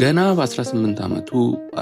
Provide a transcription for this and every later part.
ገና በ18 ዓመቱ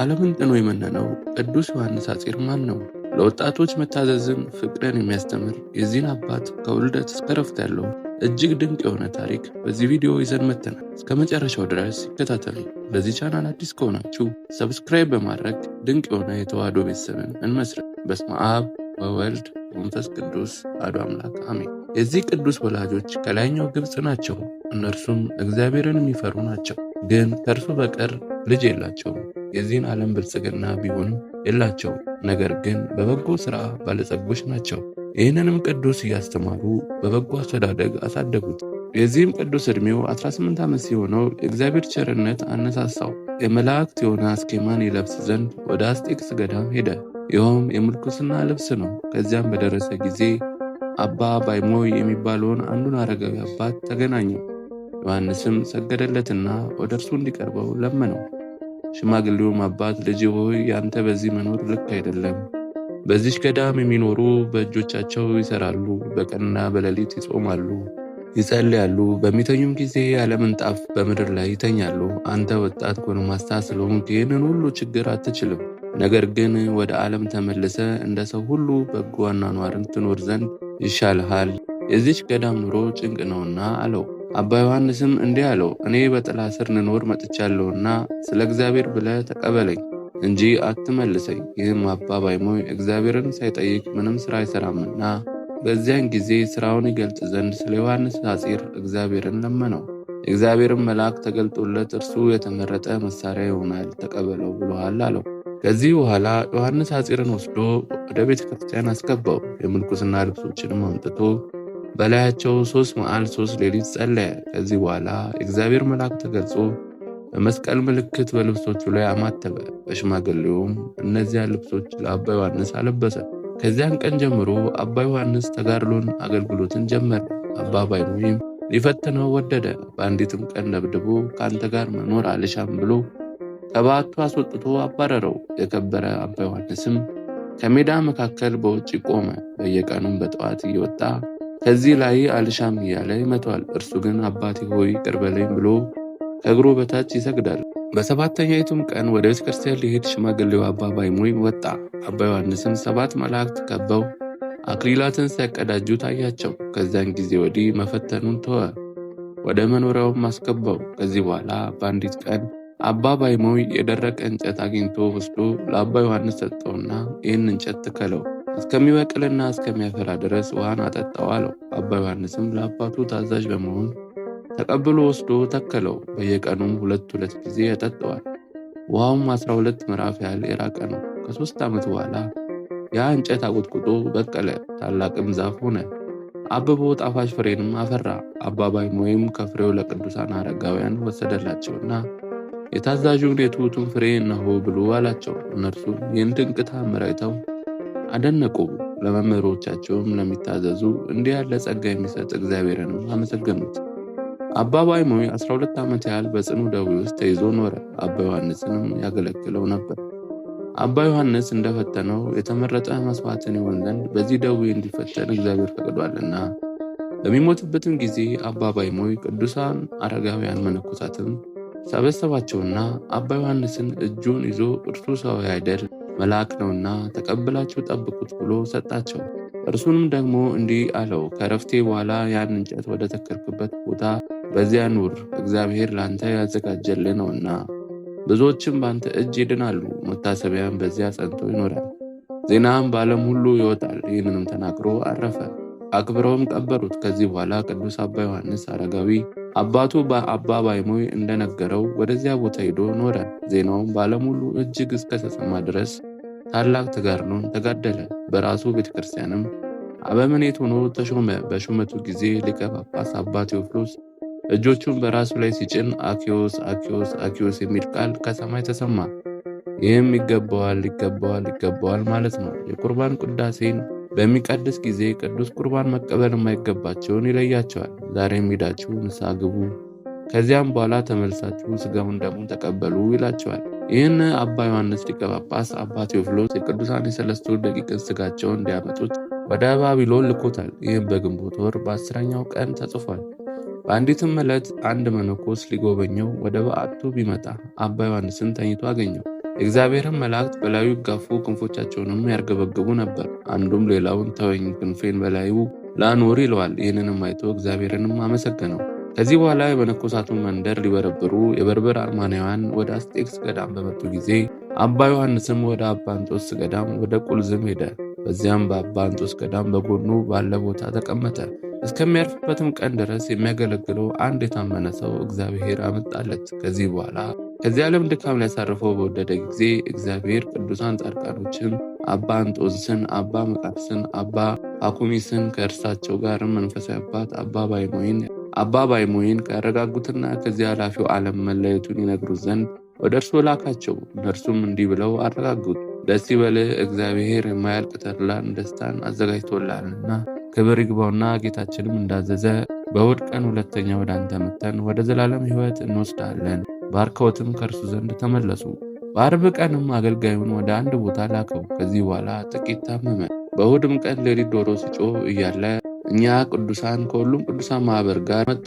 ዓለምን ጥኖ የመነነው ቅዱስ ዮሐንስ አጼር ማን ነው? ለወጣቶች መታዘዝን፣ ፍቅርን የሚያስተምር የዚህን አባት ከውልደት እስከ ረፍት ያለው እጅግ ድንቅ የሆነ ታሪክ በዚህ ቪዲዮ ይዘን መተናል። እስከ መጨረሻው ድረስ ይከታተሉ። ለዚህ ቻናል አዲስ ከሆናችሁ ሰብስክራይብ በማድረግ ድንቅ የሆነ የተዋህዶ ቤተሰብን እንመስረት። በስመ አብ ወወልድ መንፈስ ቅዱስ አዶ አምላክ አሜን። የዚህ ቅዱስ ወላጆች ከላይኛው ግብፅ ናቸው። እነርሱም እግዚአብሔርን የሚፈሩ ናቸው። ግን ከእርሱ በቀር ልጅ የላቸውም። የዚህን ዓለም ብልጽግና ቢሆንም የላቸውም። ነገር ግን በበጎ ሥራ ባለጸጎች ናቸው። ይህንንም ቅዱስ እያስተማሩ በበጎ አስተዳደግ አሳደጉት። የዚህም ቅዱስ ዕድሜው 18 ዓመት ሲሆነው የእግዚአብሔር ቸርነት አነሳሳው። የመላእክት የሆነ አስኬማን ይለብስ ዘንድ ወደ አስጤክስ ገዳም ሄደ። ይኸውም የምልኩስና ልብስ ነው። ከዚያም በደረሰ ጊዜ አባ ባይሞይ የሚባለውን አንዱን አረጋዊ አባት ተገናኘው። ዮሐንስም ሰገደለትና ወደ እርሱ እንዲቀርበው ለመነው። ሽማግሌውም አባት ልጅ ሆይ ያንተ በዚህ መኖር ልክ አይደለም። በዚች ገዳም የሚኖሩ በእጆቻቸው ይሰራሉ፣ በቀንና በሌሊት ይጾማሉ፣ ይጸልያሉ። በሚተኙም ጊዜ ያለ ምንጣፍ በምድር ላይ ይተኛሉ። አንተ ወጣት ጎልማሳ ስለሆንክ ይህንን ሁሉ ችግር አትችልም። ነገር ግን ወደ ዓለም ተመልሰ እንደ ሰው ሁሉ በጎ አኗኗርን ትኖር ዘንድ ይሻልሃል። የዚች ገዳም ኑሮ ጭንቅ ነውና አለው። አባ ዮሐንስም እንዲህ አለው፣ እኔ በጥላ ስር ንኖር መጥቻለሁና ስለ እግዚአብሔር ብለህ ተቀበለኝ እንጂ አትመልሰኝ። ይህም አባ ባይሞይ እግዚአብሔርን ሳይጠይቅ ምንም ሥራ አይሠራምና በዚያን ጊዜ ሥራውን ይገልጽ ዘንድ ስለ ዮሐንስ ሐጺር እግዚአብሔርን ለመነው። የእግዚአብሔርን መልአክ ተገልጦለት እርሱ የተመረጠ መሳሪያ ይሆናል ተቀበለው ብሎሃል አለው። ከዚህ በኋላ ዮሐንስ ሐጺርን ወስዶ ወደ ቤተ ክርስቲያን አስገባው። የምንኩስና ልብሶችንም አምጥቶ በላያቸው ሶስት መዓል ሶስት ሌሊት ጸለየ። ከዚህ በኋላ የእግዚአብሔር መልአክ ተገልጾ በመስቀል ምልክት በልብሶቹ ላይ አማተበ። በሽማግሌውም እነዚያን ልብሶች ለአባ ዮሐንስ አለበሰ። ከዚያን ቀን ጀምሮ አባ ዮሐንስ ተጋድሎን አገልግሎትን ጀመረ። አባ ባይኑይም ሊፈትነው ወደደ። በአንዲትም ቀን ደብድቦ ከአንተ ጋር መኖር አልሻም ብሎ ከበዓቱ አስወጥቶ አባረረው። የከበረ አባ ዮሐንስም ከሜዳ መካከል በውጭ ቆመ። በየቀኑም በጠዋት እየወጣ ከዚህ ላይ አልሻም እያለ ይመቷል። እርሱ ግን አባቴ ሆይ ቅርበለኝ ብሎ ከእግሩ በታች ይሰግዳል። በሰባተኛይቱም ቀን ወደ ቤተ ክርስቲያን ሊሄድ ሽማግሌው አባ ባይሞይ ወጣ። አባ ዮሐንስም ሰባት መላእክት ከበው አክሊላትን ሲያቀዳጁ ታያቸው። ከዚያን ጊዜ ወዲህ መፈተኑን ተወ፣ ወደ መኖሪያውም አስገባው። ከዚህ በኋላ በአንዲት ቀን አባ ባይሞይ የደረቀ እንጨት አግኝቶ ወስዶ ለአባ ዮሐንስ ሰጠውና ይህን እንጨት ትከለው እስከሚበቅልና እስከሚያፈራ ድረስ ውሃን አጠጣው አለው። አባ ዮሐንስም ለአባቱ ታዛዥ በመሆን ተቀብሎ ወስዶ ተከለው። በየቀኑም ሁለት ሁለት ጊዜ ያጠጠዋል። ውሃውም 12 ምዕራፍ ያህል የራቀ ነው። ከሶስት ዓመት በኋላ ያ እንጨት አቁጥቁጦ በቀለ፣ ታላቅም ዛፍ ሆነ፣ አብቦ ጣፋጭ ፍሬንም አፈራ። አባ ባይሞይም ከፍሬው ለቅዱሳን አረጋውያን ወሰደላቸውና የታዛዡን የትሑቱን ፍሬ እነሆ ብሉ አላቸው። እነርሱ ይህን ድንቅ ተአምር አይተው አደነቁ። ለመምህሮቻቸውም ለሚታዘዙ እንዲህ ያለ ጸጋ የሚሰጥ እግዚአብሔርንም አመሰገኑት። አባ ባይሞይ 12 ዓመት ያህል በጽኑ ደዌ ውስጥ ተይዞ ኖረ። አባ ዮሐንስንም ያገለግለው ነበር። አባ ዮሐንስ እንደፈተነው የተመረጠ መስዋዕትን ይሆን ዘንድ በዚህ ደዌ እንዲፈተን እግዚአብሔር ፈቅዷልና። በሚሞትበትም ጊዜ አባ ባይሞይ ቅዱሳን አረጋውያን መነኮሳትም ሰበሰባቸውና አባ ዮሐንስን እጁን ይዞ እርሱ ሰው አይደል መልአክ ነውና ተቀብላችሁ ጠብቁት ብሎ ሰጣቸው። እርሱንም ደግሞ እንዲህ አለው፣ ከረፍቴ በኋላ ያን እንጨት ወደ ተከልክበት ቦታ በዚያ ኑር፣ እግዚአብሔር ለአንተ ያዘጋጀልህ ነውና። ብዙዎችም በአንተ እጅ ይድናሉ፣ መታሰቢያም በዚያ ጸንቶ ይኖራል፣ ዜናም በዓለም ሁሉ ይወጣል። ይህንንም ተናግሮ አረፈ። አክብረውም ቀበሩት። ከዚህ በኋላ ቅዱስ አባ ዮሐንስ አረጋዊ አባቱ በአባ ባይሞይ እንደነገረው ወደዚያ ቦታ ሄዶ ኖረ። ዜናውም በዓለም ሁሉ እጅግ እስከተሰማ ድረስ ታላቅ ተጋድሎን ተጋደለ። በራሱ ቤተክርስቲያንም አበምኔት ሆኖ ተሾመ። በሹመቱ ጊዜ ሊቀ ጳጳስ አባ ቴዎፍሎስ እጆቹን በራሱ ላይ ሲጭን አኪዮስ አኪዮስ አኪዮስ የሚል ቃል ከሰማይ ተሰማ። ይህም ይገባዋል፣ ይገባዋል፣ ይገባዋል ማለት ነው። የቁርባን ቅዳሴን በሚቀድስ ጊዜ ቅዱስ ቁርባን መቀበል የማይገባቸውን ይለያቸዋል። ዛሬም ሄዳችሁ ንስሐ ግቡ፣ ከዚያም በኋላ ተመልሳችሁ ስጋውን ደሙን ተቀበሉ ይላቸዋል። ይህን አባ ዮሐንስ ሊቀ ጳጳስ አባ ቴዎፍሎስ የቅዱሳን የሰለስቱ ደቂቅን ስጋቸውን እንዲያመጡት ወደ ባቢሎን ልኮታል። ይህም በግንቦት ወር በአስረኛው ቀን ተጽፏል። በአንዲትም ዕለት አንድ መነኮስ ሊጎበኘው ወደ በዓቱ ቢመጣ አባ ዮሐንስን ተኝቶ አገኘው። የእግዚአብሔርን መላእክት በላዩ ይጋፉ፣ ክንፎቻቸውንም ያርገበግቡ ነበር። አንዱም ሌላውን ተወኝ፣ ክንፌን በላዩ ላኖር ይለዋል። ይህንንም አይቶ እግዚአብሔርንም አመሰገነው። ከዚህ በኋላ የመነኮሳቱን መንደር ሊበረብሩ የበርበር አርማናውያን ወደ አስጤክስ ገዳም በመጡ ጊዜ አባ ዮሐንስም ወደ አባ አንጦስ ገዳም ወደ ቁልዝም ሄደ። በዚያም በአባ አንጦስ ገዳም በጎኑ ባለ ቦታ ተቀመጠ። እስከሚያርፍበትም ቀን ድረስ የሚያገለግለው አንድ የታመነ ሰው እግዚአብሔር አመጣለት። ከዚህ በኋላ ከዚህ ዓለም ድካም ሊያሳርፈው በወደደ ጊዜ እግዚአብሔር ቅዱሳን ጻድቃኖችን አባ አንጦዝስን፣ አባ መቃርስን፣ አባ አኩሚስን ከእርሳቸው ጋርም መንፈሳዊ አባት አባ ባይሞይን አባ ባይሞይን ካረጋጉትና ከዚህ ኃላፊው ዓለም መለየቱን ይነግሩት ዘንድ ወደ እርሱ ላካቸው። እነርሱም እንዲህ ብለው አረጋጉት። ደስ ይበልህ፣ እግዚአብሔር የማያልቅ ተድላን ደስታን አዘጋጅቶላልና ክብር ይግባውና ጌታችንም እንዳዘዘ በእሑድ ቀን ሁለተኛ ወደ አንተ መጥተን ወደ ዘላለም ሕይወት እንወስዳለን ባርከውትም ከእርሱ ዘንድ ተመለሱ። በአርብ ቀንም አገልጋዩን ወደ አንድ ቦታ ላከው። ከዚህ በኋላ ጥቂት ታመመ። በእሁድም ቀን ሌሊት ዶሮ ሲጮ እያለ እኛ ቅዱሳን ከሁሉም ቅዱሳን ማህበር ጋር መጡ።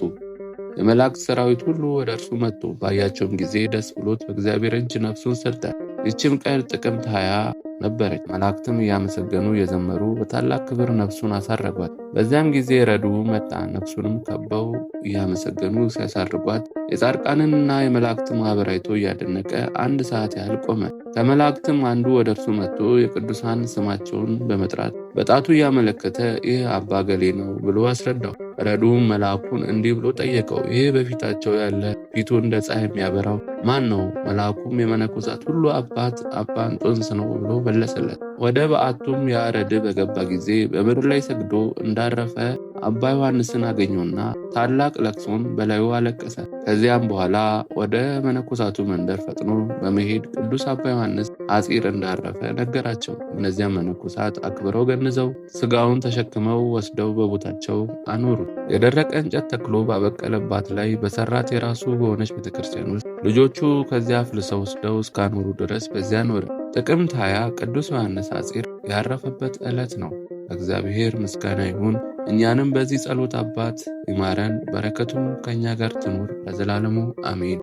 የመላእክት ሰራዊት ሁሉ ወደ እርሱ መጡ። ባያቸውም ጊዜ ደስ ብሎት በእግዚአብሔር እጅ ነፍሱን ሰጠ። ይችም ቀን ጥቅምት ሀያ ነበረች። መላእክትም እያመሰገኑ እየዘመሩ በታላቅ ክብር ነፍሱን አሳረጓት። በዚያም ጊዜ ረዱ መጣ። ነፍሱንም ከበው እያመሰገኑ ሲያሳርጓት የጻድቃንንና የመላእክት ማኅበር አይቶ እያደነቀ አንድ ሰዓት ያህል ቆመ። ከመላእክትም አንዱ ወደ እርሱ መጥቶ የቅዱሳን ስማቸውን በመጥራት በጣቱ እያመለከተ ይህ አባ ገሌ ነው ብሎ አስረዳው። ረዱም መልአኩን እንዲህ ብሎ ጠየቀው፣ ይህ በፊታቸው ያለ ፊቱ እንደ ፀሐይ የሚያበራው ማን ነው? መልአኩም የመነኮሳት ሁሉ አባት አባ እንጦንስ ነው ብሎ መለሰለት። ወደ በዓቱም ያረድ በገባ ጊዜ በምድር ላይ ሰግዶ እንዳረፈ አባ ዮሐንስን አገኘውና ታላቅ ለቅሶን በላዩ አለቀሰ። ከዚያም በኋላ ወደ መነኮሳቱ መንደር ፈጥኖ በመሄድ ቅዱስ አባ ዮሐንስ አጺር እንዳረፈ ነገራቸው። እነዚያ መነኮሳት አክብረው ገንዘው ስጋውን ተሸክመው ወስደው በቦታቸው አኖሩ። የደረቀ እንጨት ተክሎ ባበቀለባት ላይ በሰራት የራሱ በሆነች ቤተክርስቲያን ውስጥ ልጆቹ ከዚያ አፍልሰው ወስደው እስካኖሩ ድረስ በዚያ ኖረ። ጥቅምት 20 ቅዱስ ዮሐንስ አጺር ያረፈበት ዕለት ነው። እግዚአብሔር ምስጋና ይሁን። እኛንም በዚህ ጸሎት አባት ይማረን፣ በረከቱም ከእኛ ጋር ትኑር ለዘላለሙ አሜን።